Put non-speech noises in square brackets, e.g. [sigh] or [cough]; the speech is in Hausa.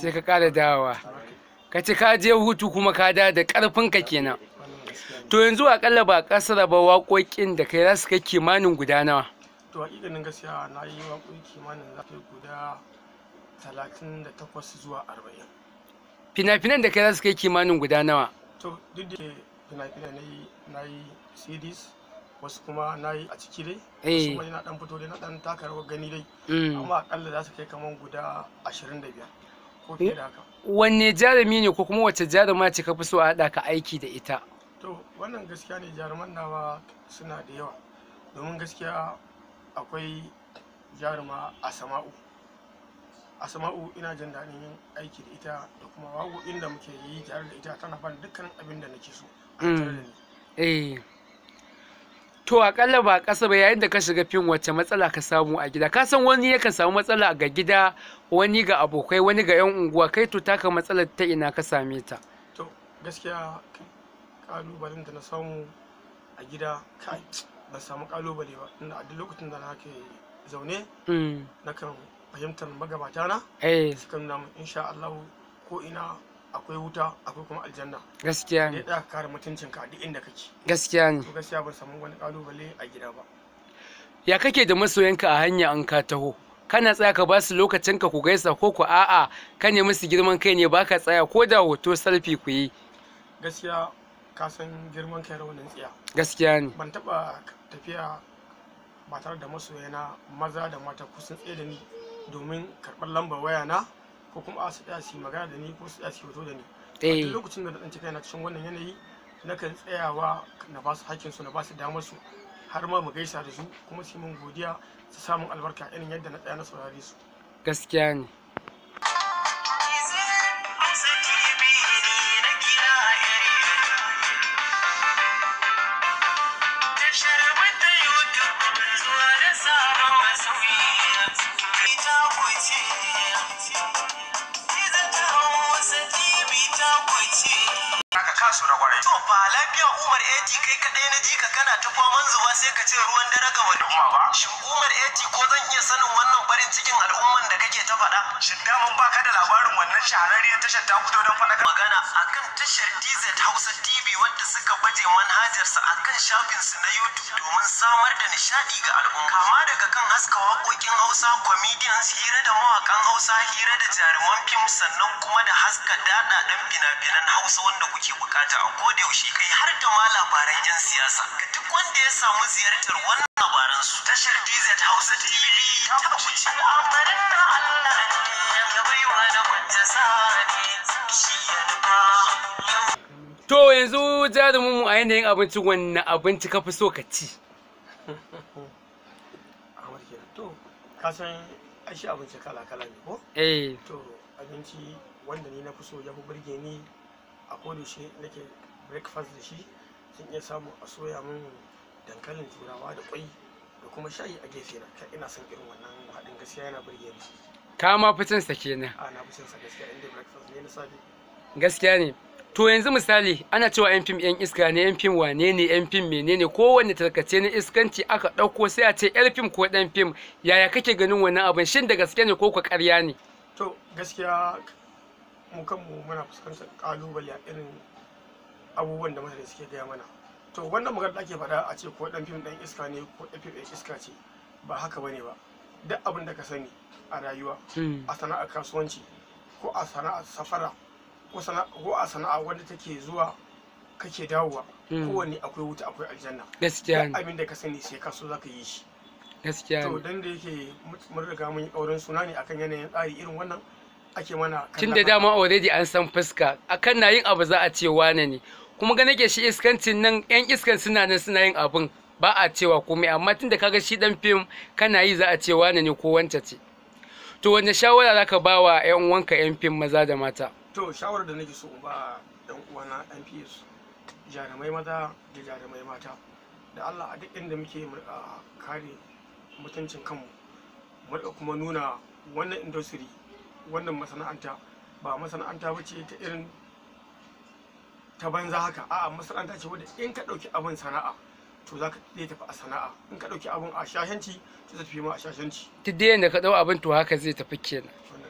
sai ka ƙara dawowa ka ci ka je hutu kuma ka da da ƙarfinka kenan to yanzu a akalla ba ƙasar ba waƙoƙin da kai za su kai kimanin guda nawa to hakikanin gaskiya na yi waƙoƙi kimanin za kai guda talatin da takwas zuwa arba'in fina-finan da kai za su kai kimanin guda nawa to duk da fina-finan na yi cds wasu kuma na yi a ciki dai eh. wasu kuma na dan fito dai na dan taka rawar gani dai mm. amma a akalla za su kai kaman guda ashirin da biyar Hmm? wanne jarumi ne ko kuma wace jaruma ce ka fi so a haɗa ka aiki da ita to wannan gaskiya ne jaruman nawa suna da yawa domin gaskiya akwai jaruma a sama'u a sama'u ina jin daɗin yin aiki da ita da kuma wago da muke yi tare da ita tana ban dukkan abin da nake so a tare da ni hmm. eh. to akalla ba ƙasa ba yayin da ka shiga fim wacce matsala ka samu a gida ka san wani ya kan samu matsala ga gida wani ga abokai wani ga 'yan unguwa kai to taka matsalar ta ina ka same ta to gaskiya kalubalen da na samu a gida kai ban samu kalubale ba inda a duk lokacin da na ke zaune mm. kan fahimtar magabata na eh. sukan nuna insha Allah ko ina akwai wuta akwai kuma aljanna gaskiya ne da kare mutuncin ka duk inda kake gaskiya ne to gaskiya ban samu wani kalubale a gida ba ya kake da masoyanka a hanya an ka taho kana tsaya ka ba su lokacin ka ku gaisa ko ku a'a ka ne musu girman kai ne baka tsaya ko da hoto selfie ku yi gaskiya ka san girman kai raunin tsiya gaskiya ne ban taba tafiya ba tare da masoyana maza da mata kusan tsaye da ni domin karɓar lambar waya na ko kuma a su su magana da ni ko su su hoto da ni eh lokacin da na tsinci kaina cikin wannan yanayi na kan tsayawa na ba su hakkin na ba su damar su har ma mu gaisa da su kuma su yi min godiya su samun albarka irin yadda na tsaya na saurare su gaskiya ne eti kai kadai na ji ka kana ta faman zuwa sai ka ce ruwan dare ga wani ba shin umar eti ko zan iya sanin wannan farin cikin al'umman da kake ta faɗa shin mun baka da labarin wannan shahararriyar tashar ta fito don fada magana akan tashar DZ Hausa TV wanda suka baje manhajarsa akan su na YouTube domin samar da nishaɗi ga al'umma kama daga kan haska waƙoƙin Hausa comedians hira da mawakan Hausa hira da jaruman fim sannan kuma da haska dada dan fina-finan Hausa wanda kuke bukata a kodayaushe kai har da malam labaran 'yan siyasa ga duk wanda ya samu ziyartar wannan labaran su tashar DZ Hausa TV ta kuce. Al'amarin na Allah ne ya baiwa na wanda sani shi ya To yanzu jarumin mu a yanayin abinci wanne abinci ka fi so ka ci? [laughs] To, ka san ashe abinci kala-kala ne ko? Eh. To, abinci wanda ni na fi so ya fi burge ni a kodayaushe nake breakfast da shi zan iya samu a soya min dankalin turawa da kwai da kuma shayi a gefe na kai ina son irin wannan haɗin gaskiya yana burge ni ka ma fi son sa kenan a na fi son sa gaskiya inda breakfast ne na safe gaskiya ne to yanzu misali ana cewa yan fim yan iska ne yan fim wane ne yan fim menene kowanne tarkace na iskanci aka ɗauko sai a ce yar fim ko ɗan fim yaya kake ganin wannan abin shin da gaske ne ko ku ƙarya ne to gaskiya mu kanmu muna fuskantar ƙalubale a irin abubuwan da mutane suke gaya mana to wannan magana da ake faɗa a ce ko ɗan fim ɗan iska ne ko ɗan fim ɗan iska ce ba haka bane ba duk abin da ka sani a rayuwa hmm. a sana'ar kasuwanci ko a sana'ar safara ko a sana'a wanda take zuwa kake dawowa hmm. kowanne akwai wuta akwai aljanna gaskiya abin da ka sani sai ka so zaka yi shi gaskiya to dan da yake mun riga mun yi auren suna ne akan yanayin tsari irin wannan ake mana tun da dama already an san fuska akan na yin abu za a ce wane ne kuma ga nake shi iskancin nan yan iskan suna nan suna yin abin ba a cewa komai amma tunda kaga shi dan fim kana yi za a ce wane ne ko wance ce to wanne shawara zaka ba wa yan uwanka yan fim maza da mata to shawara da nake so ba yan uwana yan fis jarumai maza da jarumai mata da Allah a duk inda muke mu kare mutuncin kanmu mu kuma nuna wannan industry wannan masana'anta ba masana'anta bace ta irin ta banza haka a'a masana'anta ce wanda in ka ɗauki abin sana'a to za ka tafi a sana'a in ka ɗauki abin a shashanci to zai tafi ma a shashanci duk da yadda ka ɗau abin to haka zai tafi kenan